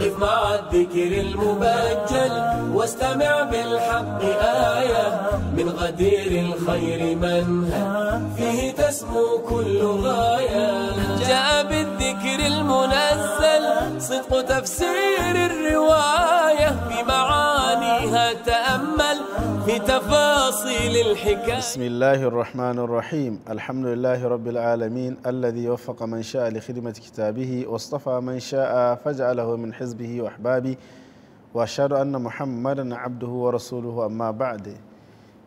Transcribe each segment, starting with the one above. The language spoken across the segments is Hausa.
قف مع الذكر المبجل واستمع بالحق آية من غدير الخير منهج فيه تسمو كل غاية جاء بالذكر المنزل صدق تفسير الرواية بمعنى بتفاصيل الحكاية بسم الله الرحمن الرحيم الحمد لله رب العالمين الذي وفق من شاء لخدمة كتابه واصطفى من شاء فجعله من حزبه وأحبابه وأشهد أن محمدا عبده ورسوله أما بعد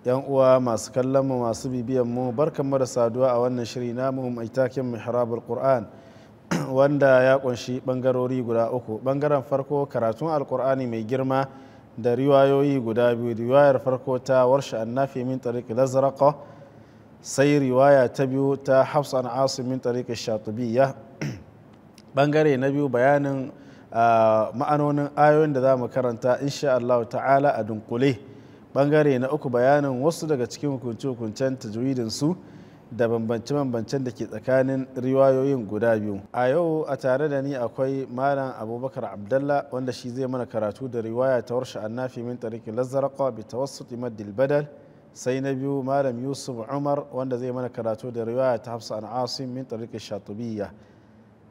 yan uwa masu kallon mu masu bibiyan mu barkan mu da saduwa a wannan shiri namu mai taken mihrabul qur'an wanda ya kunshi bangarori guda uku bangaren farko karatun alqur'ani mai girma da riwayoyi guda biyu riwayar farko ta warshe annafi min tariq lazraqa sai riwaya ta biyu ta hafsa an asim min tariq shatibiyya bangare na biyu bayanin ah, ma'anonin ayoyin da za mu karanta insha Allah ta'ala a dunkule bangare na uku bayanin wasu daga cikin hukunce-hukuncen tajwidin su da bambance-bambancen da ke tsakanin riwayoyin guda biyu a yau a tare da ni akwai malam abubakar abdallah wanda shi zai mana karatu da riwaya ta warshe annafi min tariki lazzarakwa bi tawassut badal sai na biyu malam yusuf umar wanda zai mana karatu da riwaya ta hafsa an asim min tariki shatubiya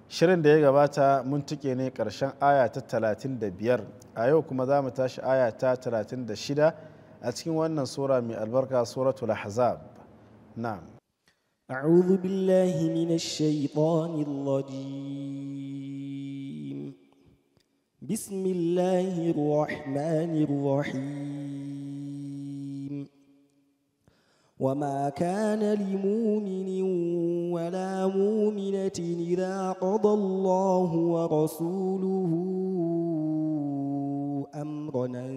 shirin da ya gabata mun tuke ne karshen aya ta talatin da biyar a yau kuma za mu tashi aya ta talatin da shida a cikin wannan sura mai albarka suratul ahzab na'am أعوذ بالله من الشيطان الرجيم بسم الله الرحمن الرحيم وما كان لمؤمن ولا مؤمنة إذا قضى الله ورسوله أمرا أن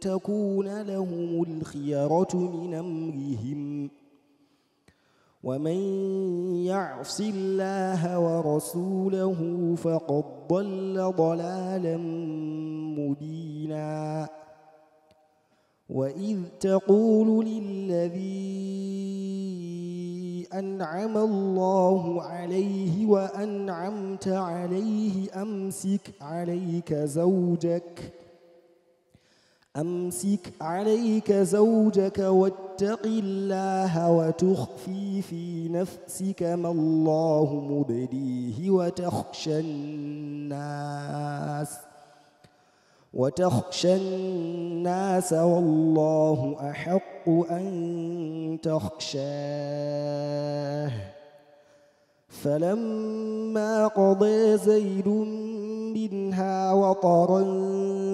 تكون لهم الخيرة من أمرهم ۖ ومن يعص الله ورسوله فقد ضل ضلالا مبينا واذ تقول للذي انعم الله عليه وانعمت عليه امسك عليك زوجك أمسك عليك زوجك واتق الله وتخفي في نفسك ما الله مبديه وتخشى الناس وتخشى الناس والله أحق أن تخشاه فلما قضى زيد منها وطرا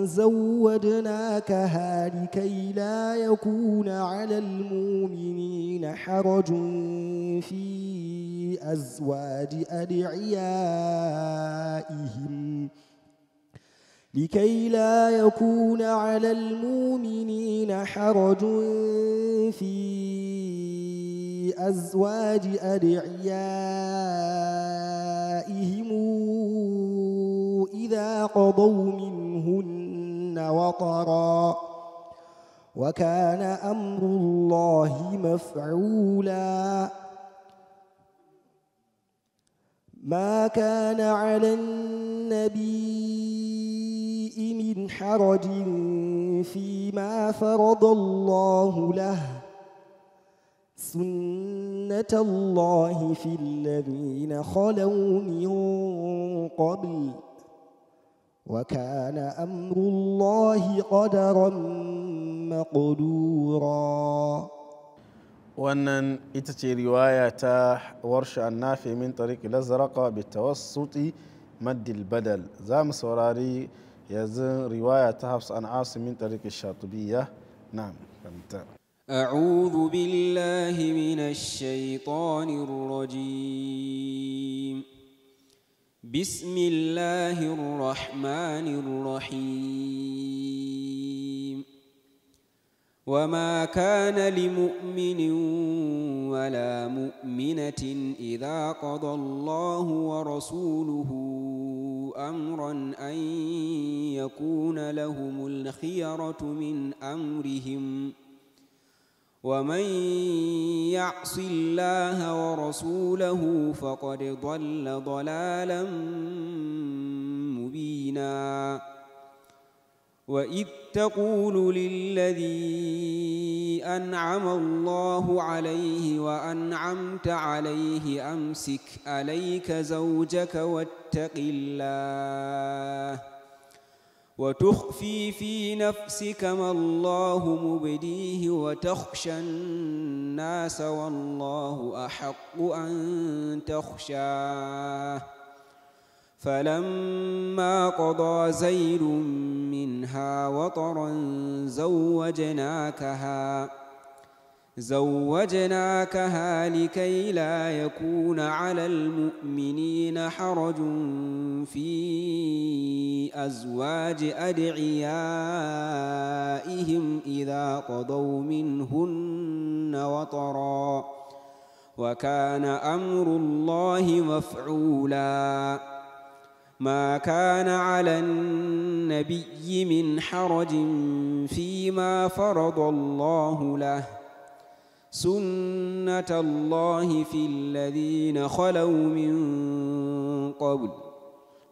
زوجناكها لكي لا يكون على المؤمنين حرج في أزواج أدعيائهم لكي لا يكون على المؤمنين حرج في في أزواج أدعيائهم إذا قضوا منهن وطرا وكان أمر الله مفعولا ما كان على النبي من حرج فيما فرض الله له سُنَّةَ اللَّهِ فِي الَّذِينَ خَلَوْا مِن قَبْلُ وَكَانَ أَمْرُ اللَّهِ قَدَرًا مَّقْدُورًا وَنَن إِتَّجِ رِوَايَةَ وَرْشَ النَّافِي مِنْ طَرِيقِ الْأَزْرَقِ بِالتَّوَسُّطِ مَدِّ الْبَدَلِ زَام سُورَارِي يَزُن رِوَايَةَ حَفْصَ عَاصِمٍ مِنْ طَرِيقِ الشَّاطِبِيَّةِ نَعَم أعوذ بالله من الشيطان الرجيم بسم الله الرحمن الرحيم وما كان لمؤمن ولا مؤمنة إذا قضى الله ورسوله أمرا أن يكون لهم الخيرة من أمرهم ۖ ومن يعص الله ورسوله فقد ضل ضلالا مبينا واذ تقول للذي انعم الله عليه وانعمت عليه امسك عليك زوجك واتق الله وتخفي في نفسك ما الله مبديه وتخشى الناس والله أحق أن تخشاه فلما قضى زيد منها وطرا زوجناكها زوجناكها لكي لا يكون على المؤمنين حرج في ازواج ادعيائهم اذا قضوا منهن وطرا وكان امر الله مفعولا ما كان على النبي من حرج فيما فرض الله له سنة الله في الذين خلوا من قبل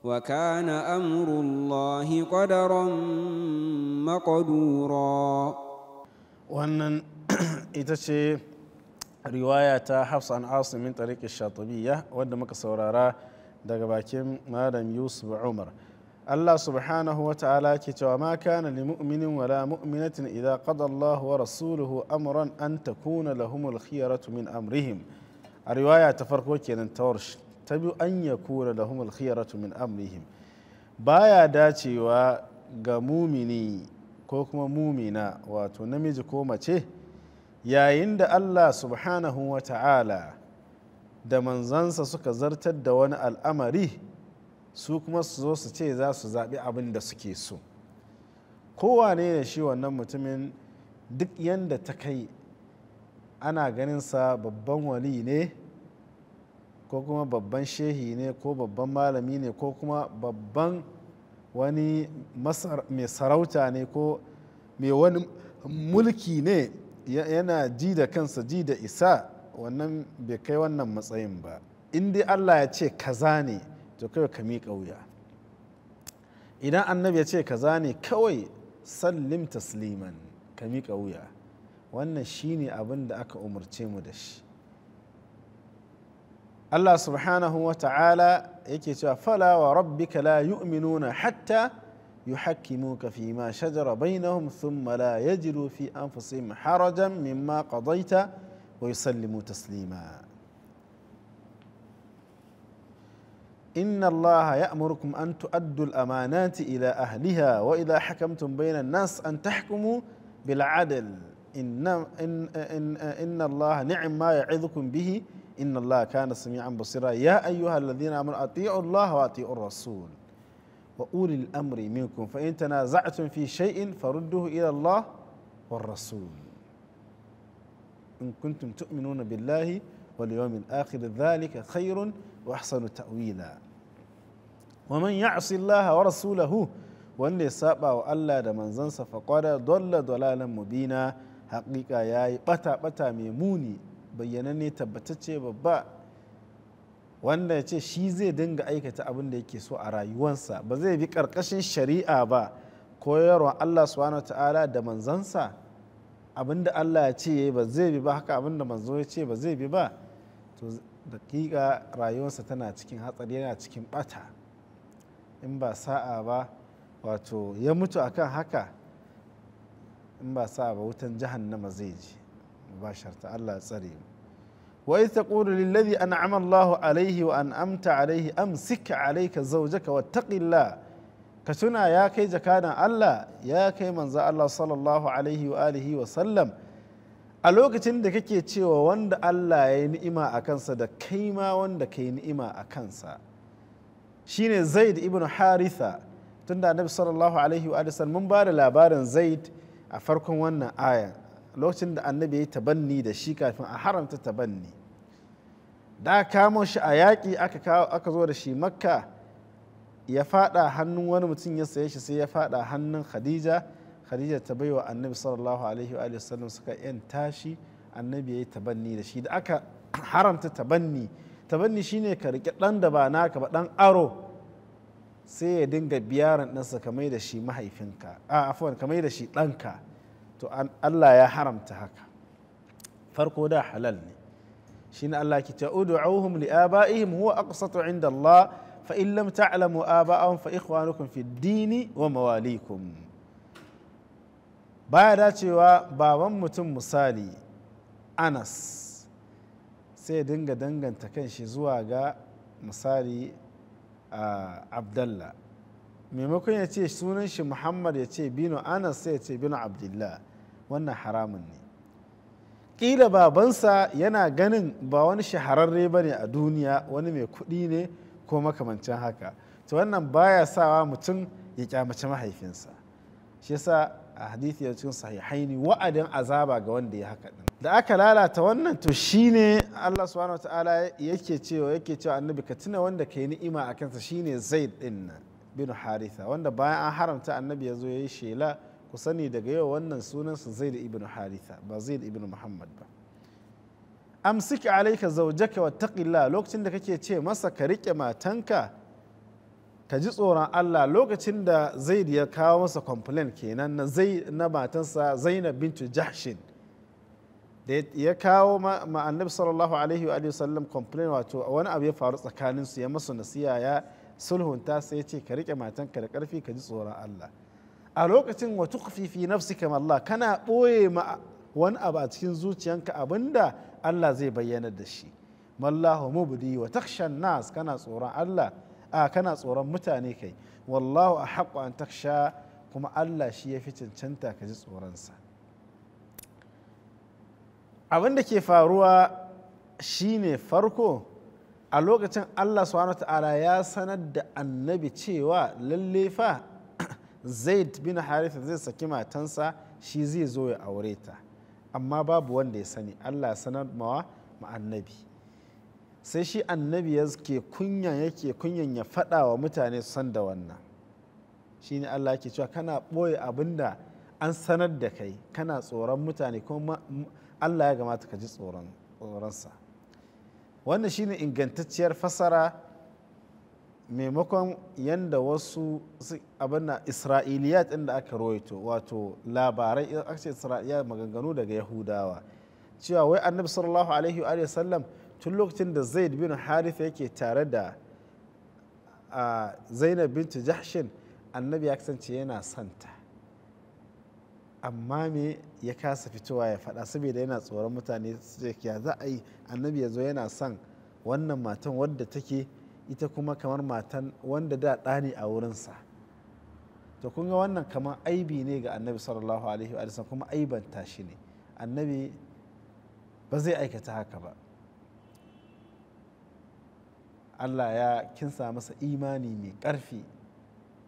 وكان أمر الله قدرا مقدورا وأن إتشي رواية حفص عن عاصم من طريق الشاطبية ودمك سورارا دقباكم مادم يوسف عمر Allah subhanahu wa ta'ala ke cewa ma kana li mu'minin wala mu'minatin idza qada wa rasuluhu amran an takuna lahumul khiyaratu min amrihim a riwaya ta farko kenan ta warsh ta biyu an yakuna lahumul khiyaratu min amrihim baya dacewa ga mumini ko kuma mumina wato namiji ko mace yayin da Allah subhanahu wa ta'ala da manzansa suka zartar da wani al'amari su kuma su zo su ce za su zaɓi abin da suke so kowane ne shi wannan mutumin duk yadda ta kai ana ganinsa babban wali ne ko kuma babban shehi ne ko babban malami ne ko kuma babban wani mai sarauta ne ko mai wani mulki ne yana ji da kansa ji da isa wannan bai kai wannan matsayin ba in dai allah ya ce kaza ne to kawai ka miƙa wuya idan annabi ya ce kaza ne kawai sallim tasliman ka miƙa wuya wannan shine abin da aka umarce mu da shi Allah subhanahu wa ta'ala yake cewa fala wa rabbika la yu'minuna hatta yuhakkimuka fi ma shajara bainahum thumma la yajidu fi anfusihim harajan mimma qadaita wa yusallimu taslima إن الله يأمركم أن تؤدوا الأمانات إلى أهلها وإذا حكمتم بين الناس أن تحكموا بالعدل إن, إن, إن, إن الله نعم ما يعظكم به إن الله كان سميعا بصيرا يا أيها الذين آمنوا أطيعوا الله وأطيعوا الرسول وأولي الأمر منكم فإن تنازعتم في شيء فردوه إلى الله والرسول إن كنتم تؤمنون بالله واليوم الآخر ذلك خير واحسن تاويلا ومن يعص الله ورسوله wanda ya saba wa Allah da manzansa faƙwada dolla dalalan mubina haƙiƙa ya yi ɓata-ɓata mai muni bayyananne tabbatacce babba wanda ya ce shi zai dinga aikata abin da yake so a rayuwansa ba zai bi ƙarƙashin shari'a ba koyarwa Allah subhanahu ta'ala da manzansa abin da Allah ya ce ba zai bi ba haka abin da manzo ya ce ba zai bi ba daƙiƙa rayuwarsa tana cikin hatsari yana cikin ɓata in ba sa'a ba wato ya mutu akan haka in ba sa'a ba wutan jahannama zai ji ba sharta Allah ya tsare mu wa iz taqulu lil ladhi an'ama ka tuna ya kai jakadan Allah ya kai manzo Allah sallallahu alaihi wa alihi wa sallam a lokacin da kake cewa wanda Allah ya yi ni'ima a kansa da kai ma wanda ka yi ni'ima a kansa shine zaid ibn haritha tun da annabi sallallahu alaihi wa sallam mun ba da labarin zaid a farkon wannan aya lokacin da annabi ya yi tabanni da shi kafin a haramta tabanni da kamo shi a yaƙi aka zo da shi makka ya faɗa hannun wani mutum ya saye shi sai ya faɗa hannun khadija khadija ta baiwa annabi sallallahu alaihi wa sallam suka yan tashi annabi yayi tabanni da shi da aka haramta tabanni tabanni shine ka rike ɗan da ba naka ba ɗan aro sai ya dinga biyaran ɗansa ka mai da shi mahaifinka a afuwan ka mai da shi ɗanka to Allah ya haramta haka farko da halal ne shine Allah ki ta ud'uhum li abaihim huwa aqsatu inda Allah fa in lam ta'lamu aba'ahum fa ikhwanukum fi dini wa mawalikum baya dacewa baban mutum misali anas sai dinga danganta kan shi zuwa ga misali abdallah maimakon ya ce sunan shi muhammad ya ce bino anas sai ya ce bino abdullah wannan haramun ne ƙila babansa yana ganin ba wani shahararre ba ne a duniya wani mai kuɗi ne ko makamancin haka to wannan baya sawa mutum ya kyamace mahaifinsa shi yasa a hadithi a cikin sahihaini wa'adin azaba ga wanda ya haka din da aka lalata wannan to shine Allah subhanahu wataala yake cewa yake cewa annabi ka tuna wanda ka yi ni'ima a kansa shine Zaid din nan bin Haritha wanda bayan an haramta annabi ya zo ya yi shela ku sani daga yau wannan sunansa Zaid ibn Haritha ba Zaid ibn Muhammad ba amsik alaika zawjaka wattaqillah lokacin da kake ce masa ka rike matanka ka ji tsoron Allah lokacin da zai ya kawo masa complain kenan na zai na matansa Zainab bintu Jahshin da ya kawo ma sallallahu alaihi wa sallam complain wato wani abu ya faru tsakanin su ya masu nasiya ya sulhunta sai ya ce ka rike matanka da karfi ka ji tsoron Allah a lokacin wa tukhfi fi nafsika Allah kana boye ma wani abu a cikin zuciyanka abinda Allah zai bayyana da shi mallahu mubdi wa takshan nas kana tsoron Allah a kana tsoron mutane kai wallahu a haƙƙo an taksha kuma Allah shi ya fi cancanta ka ji tsoronsa abin da ke faruwa shine farko a lokacin Allah subhanahu ta'ala ya sanar da annabi cewa lalle fa zaid bin haritha zai saki matansa shi zai zo ya aure ta amma babu wanda ya sani Allah sanar mawa ma annabi sai shi annabi ya ke kunya yake kunyan ya faɗa wa mutane su san da wannan shi ne Allah ke cewa kana ɓoye abin da an sanar da kai kana tsoron mutane kuma Allah ya gamata ka ji tsoronsa wannan shi ne ingantacciyar fasara maimakon yadda wasu abin isra'iliya isra'iliyat inda aka roito wato labarai aka ce isra'iliyat maganganu daga yahudawa cewa wai annabi sallallahu alaihi wa sallam tun lokacin da zaid bin haritha yake tare da zainab bintu jahshin annabi ya kasance yana santa amma me ya kasa fitowa ya faɗa saboda yana tsoron mutane su ya za a yi annabi ya zo yana son wannan matan wadda take ita kuma kamar matan wanda da ɗane a wurinsa to kun ga wannan kamar aibi ne ga annabi sallallahu alaihi wa kuma aibanta shi ne annabi ba zai aikata haka ba allah ya kinsa masa imani mai ƙarfi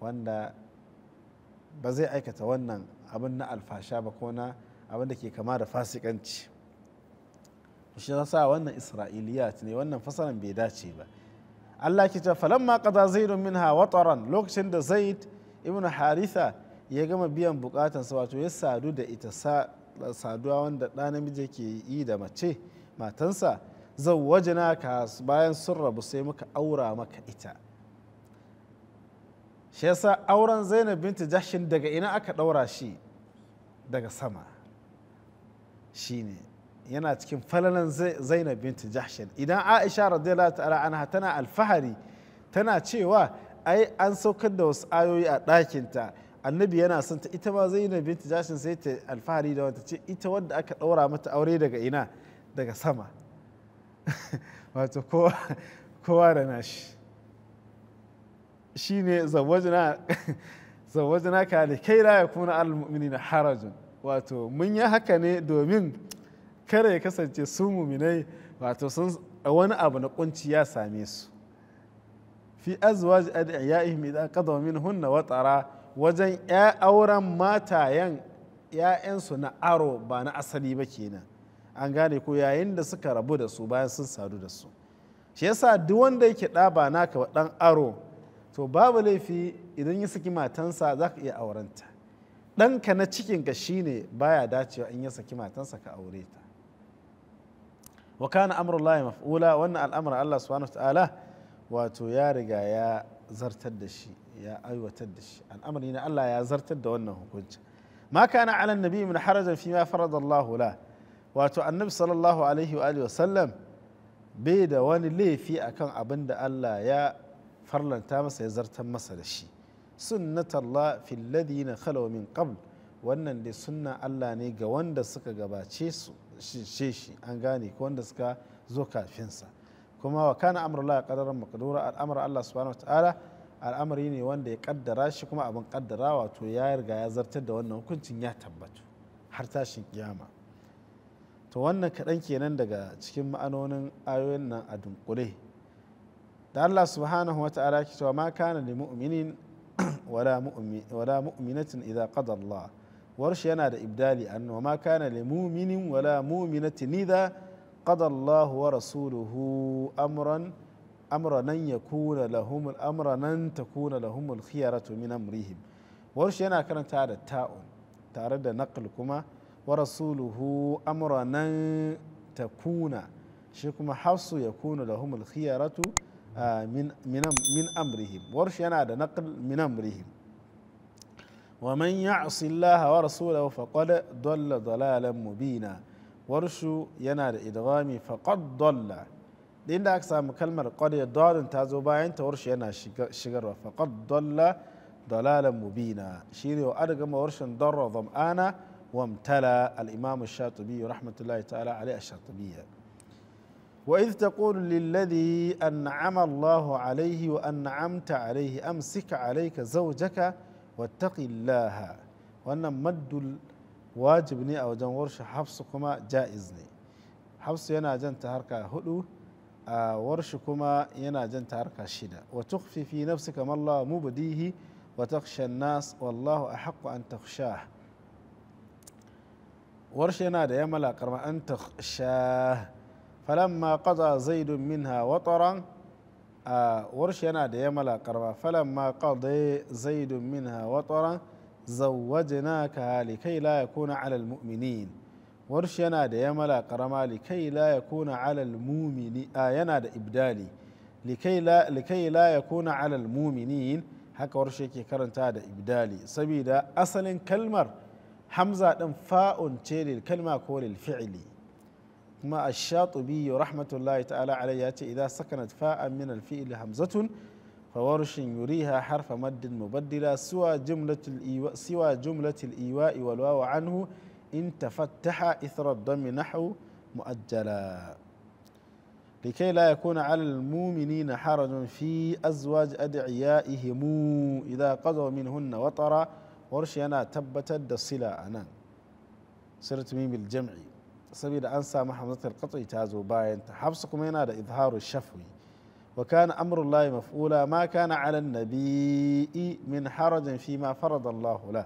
wanda ba zai aikata wannan abin na alfasha ba ko na abin da ke kama da fasikanci shi sa wannan Isra'iliya ne wannan fasaran bai dace ba allah ke ce ma qada zaidun minha wataran lokacin da zaid ibn haritha ya gama biyan sa wato ya sadu da ita saduwa wanda ɗa namiji ke yi da mace matansa na ka bayan sun rabu sai muka aura maka ita shi yasa auren zainab binta jashin daga ina aka ɗaura shi daga sama shine yana cikin falalan zainab binta jashin idan aisha radiyallahu ta'ala anha tana alfahari tana cewa ai an saukar da wasu ayoyi a ɗakinta annabi yana son ta ita ma zainab binta jashin sai ta alfahari da wata ce ita wadda aka ɗaura mata aure daga ina daga sama wato kowa da nashi shi ne zawajina ka da kai la ya kuna al-mu'mini na harajin wato mun yi haka ne domin kare ya kasance su muminai wato sun wani abu na kunci ya same su fi azwaji adiyaihim idan qadaw minhunna wa tara wajen ya auren matayen ya'yansu na aro ba na asali ba kenan an gane ko yayin da suka rabu da su bayan sun sadu da su shi yasa duk wanda yake ɗaba ba naka ba ɗan aro to babu laifi idan ya saki matansa za ka iya aurenta ɗanka na cikin cikinka shine baya dacewa in ya saki matansa ka aure ta wa kana amrullahi maf'ula wannan al'amarin Allah subhanahu wa wato ya riga ya zartar da shi ya aiwatar da shi al'amari ne Allah ya zartar da wannan hukunci ma kana ala nabi min harajan fi ma farada Allahu la wato annabi sallallahu alaihi wa sallam bai da wani laifi akan abin da Allah ya farlanta masa ya zartar masa da shi sunnatullah fil ladina khalaw min qabl wannan dai sunna Allah ne ga wanda suka gabace su shi an gane ko wanda suka zo kafinsa kuma wa kana amrullah qadaran maqdura al'amr Allah subhanahu wataala al'amari ne wanda ya kaddara shi kuma abin kaddara wato ya riga ya zartar da wannan hukuncin ya tabbatu har tashin kiyama to wannan kaɗan kenan daga cikin ma'anonin ayoyin nan a dunkule da Allah subhanahu wa ta'ala ki cewa ma kana mu'minin wala mu'minatin idza qada Allah warshi yana da ibdali an wa ma kana li mu'minin wala mu'minatin idza qada Allah wa rasuluhu amran amra yakuna lahum al takuna khiyaratu min amrihim warshi yana karanta da ta'un tare da naql kuma wa rasuluhu amranan takuna shi kuma hafsu ya kuna lahumul khiyaratu ah, min amrihim warshi yana da naql min amrihim wa man ya'si Allah wa rasulahu faqad dalla dalalan mubina warshu yana da idghami faqad dalla din da aka sami kalmar qad ya dalin ta zo bayan ta warshi yana shigarwa faqad dalla dalalan mubina shine wa وامتلأ الإمام الشاطبي رحمة الله تعالى عليه الشاطبية وإذ تقول للذي أنعم الله عليه وأنعمت عليه أمسك عليك زوجك واتق الله وأن مد الواجبني أو جن حفصكما جائزني حفص ينا جن تهركا هدو آه، ورشكما ينا جن تهركا شدة وتخفي في نفسك ما الله مبديه وتخشى الناس والله أحق أن تخشاه warshi yana da yamala karma an ta sha falamma qada zaidun minha wataran a warshi yana da yamala karma falamma qada da yamala karama likai la yakuna ala almu'mini a yana da ibdali likai la yakuna ala almu'minin haka warshi yake karanta da ibdali asalin kalmar hamza ɗin fa'un ce lil kalma ko lil fi'ili kuma ash-shatibi rahmatullahi ta'ala alayhi ya ce idan sakanat fa'an min al-fi'l hamzatun fa warshin yuriha harfa maddin mubaddila siwa jumlatul iwa siwa jumlatil iwa'i wal wawu anhu in tafattaha ithra ad-dami nahwu mu'ajjala لكي لا يكون على المؤمنين حرج في أزواج أدعيائهم إذا قضوا منهن وطرًا warshi yana tabbatar da sila a nan sirtumi bil jam'i saboda an samu hamzatul qat'i ta zo bayan ta hafsu kuma yana da izharu shaf'i wa kana amru maf'ula ma kana ala nabii min harajin fi ma farada Allahu la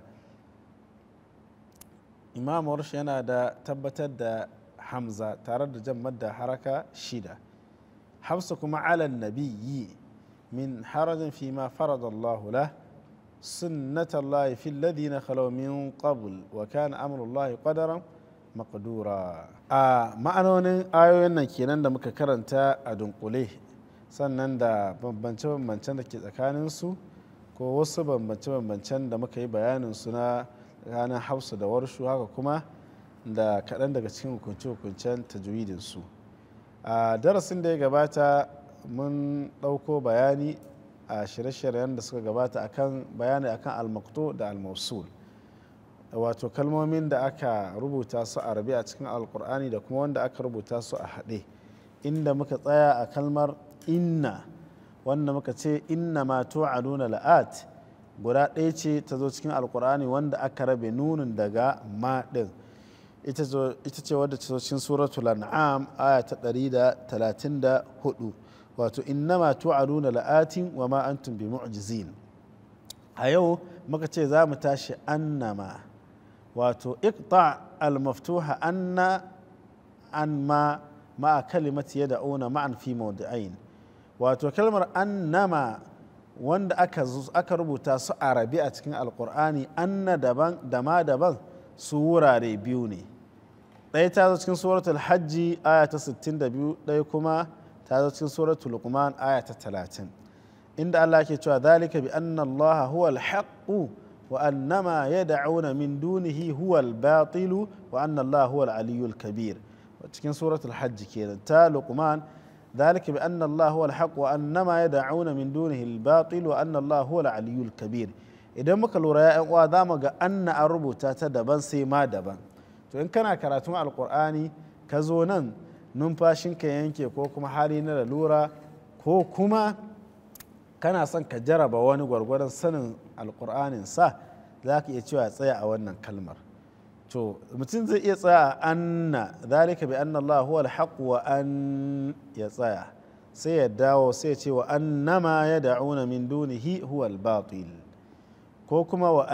imam warshi yana da tabbatar da hamza tare da jan da haraka shida hafsa kuma ala nabiyyi min harajin fi ma farada Allahu la سنة الله في الذين خلوا من قبل وكان أمر الله قدرا مقدورا آه ma'anonin ayoyin nan kenan da muka karanta a dunkule sannan da bambance-bambancen da ke su ko wasu bambance-bambancen da muka yi bayanin su na ranar hausa da warshu haka kuma da kaɗan daga cikin hukunce-hukuncen su a darasin da ya gabata mun ɗauko bayani a shirye-shiryen da suka gabata akan bayani akan almakto da almosul wato kalmomin da aka rubuta su a rabi a cikin alkur'ani da kuma wanda aka rubuta su a haɗe inda muka tsaya a kalmar inna wanda muka ce inna ma nuna la'at guda ɗaya ce ta zo cikin alkur'ani wanda aka rabe nunin daga maɗin ita ce wadda ta zo cikin suratu an'am aya ta 134 wato innama tu'aduna la'atin wa ma antum bi mu'jizin a yau muka ce za mu tashi annama wato iqta al-maftuha anna an ma ma'a kalimati yad'una ma'an fi mawdi'ain wato kalmar annama wanda aka aka rubuta su a rabi a cikin alkur'ani anna daban da ma daban su wurare biyu ne ɗaya ta zo cikin suratul hajji aya ta 62 ɗaya kuma ta zo cikin suratul luqman aya ta talatin inda Allah ke cewa zalika bi anna Allah huwa al-haqq wa anna ma yad'una min dunihi huwa al-batil wa anna Allah huwa al-aliyyul kabir cikin suratul hajj kenan ta luqman ذلك بأن الله هو الحق وأن ما يدعون من دونه الباطل وأن الله هو العلي الكبير idan muka lura ya uwa za mu ga anna an rubuta ta daban sai ma daban to in kana karatun alkur'ani ka zo nan numfashinka yanke ko kuma hali na lalura ko kuma kana son ka jaraba wani gwargwaron sanin alkur'anin sa za ka iya cewa tsaya a wannan kalmar to mutum zai iya tsaya a anna zalika bi anna Allah huwa an ya tsaya sai ya dawo sai ya ce wa annama ya da'una min dunihi huwa albatil ko kuma wa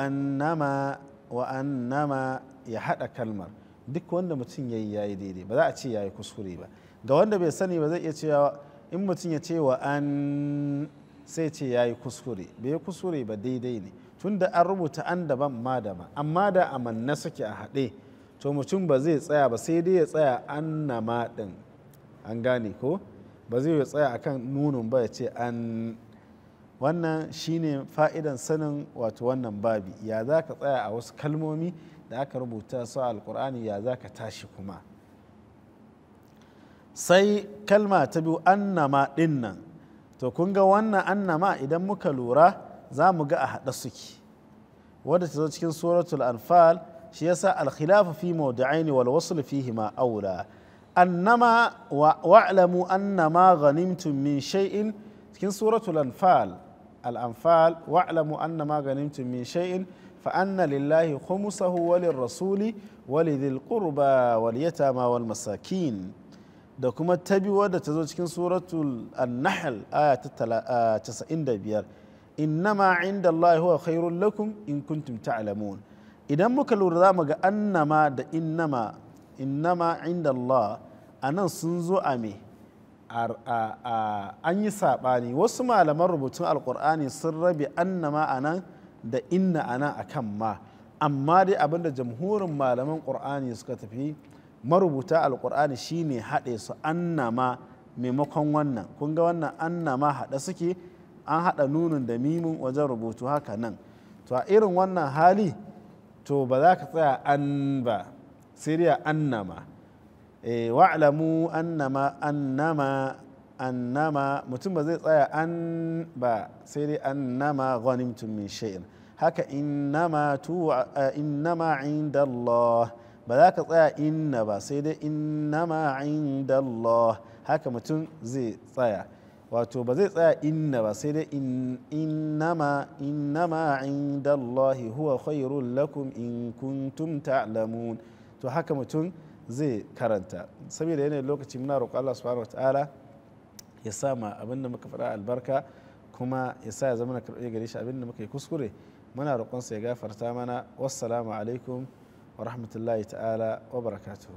wa ma ya haɗa kalmar duk wanda mutum ya yi ya yi daidai ba za a ce ya yi kuskure ba ga wanda bai sani ba zai iya cewa in mutum ya ce wa an sai ce ya yi kuskure bai yi kuskure ba daidai ne tun da an rubuta an daban ma da daban amma da amanna suke a haɗe to mutum ba zai tsaya ba sai dai ya tsaya an na ma ɗin an gane ko ba zai ya tsaya akan nunun ba ya ce an wannan shine fa'idan sanin wato wannan babi ya za ka tsaya a wasu kalmomi da aka rubuta su alkur'ani ya za ka tashi kuma sai kalma ta biyu annama ɗinnan. to kun ga wannan annama idan muka lura za mu ga a haɗa suke wadda ta zo cikin suratul anfal shi yasa alkhilafu fi mawdi'ain wal wasl fihi ma aula annama wa'lamu annama ghanimtum min shay'in cikin suratul anfal al anfal wa'lamu annama ghanimtum min shay'in فأن لله خمسه وللرسول ولذي القربى واليتامى والمساكين da kuma ta biyu da ta zo cikin suratul annahl aya ta 95 innama inda Allah huwa khairul lakum in kuntum ta'lamun idan muka lura za mu ga annama da innama innama inda Allah anan sun zo a me an yi saɓani wasu malaman rubutun alƙur'ani sun rabe annama anan da inna ana a kan ma amma dai abinda jamhurin malaman ƙur'ani suka tafi marubuta alƙur'ani shine haɗe su anna ma maimakon wannan kun ga wannan anna ma haɗe suke an haɗa nunin da mimin wajen rubutu haka nan to a irin wannan hali to ba za ka tsaya an ba sai dai annama eh, wa'lamu annama annama annama mutum ba zai tsaya an ba sai dai annama ghanimtum min shay'in haka innama tu eh, innama inda Allah ba za ka tsaya inna ba sai dai innama inda Allah haka mutum zai tsaya wato ba zai tsaya inna ba sai dai innama innama inda Allah huwa khairul lakum in kuntum ta'lamun to haka mutum zai karanta saboda yanayin lokaci muna roƙo Allah subhanahu ta'ala. يسامى أبن مكفراء البركة كما يسا زمن كرؤية قريش أبن مكي كسكري منا رقون سيغا فرتامنا والسلام عليكم ورحمة الله تعالى وبركاته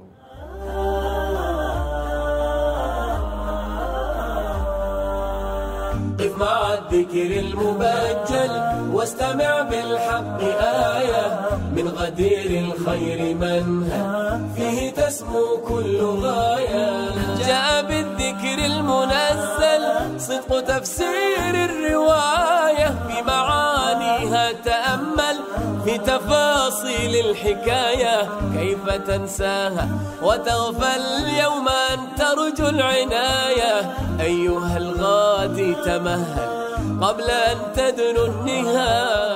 قف مع الذكر المبجل واستمع بالحق آية من غدير الخير منهج فيه تسمو كل غاية جاء بالذكر المنزل صدق تفسير الرواية بمعانيها تأتي في تفاصيل الحكاية كيف تنساها وتغفل يوم أن ترجو العناية أيها الغادي تمهل قبل أن تدنو النهاية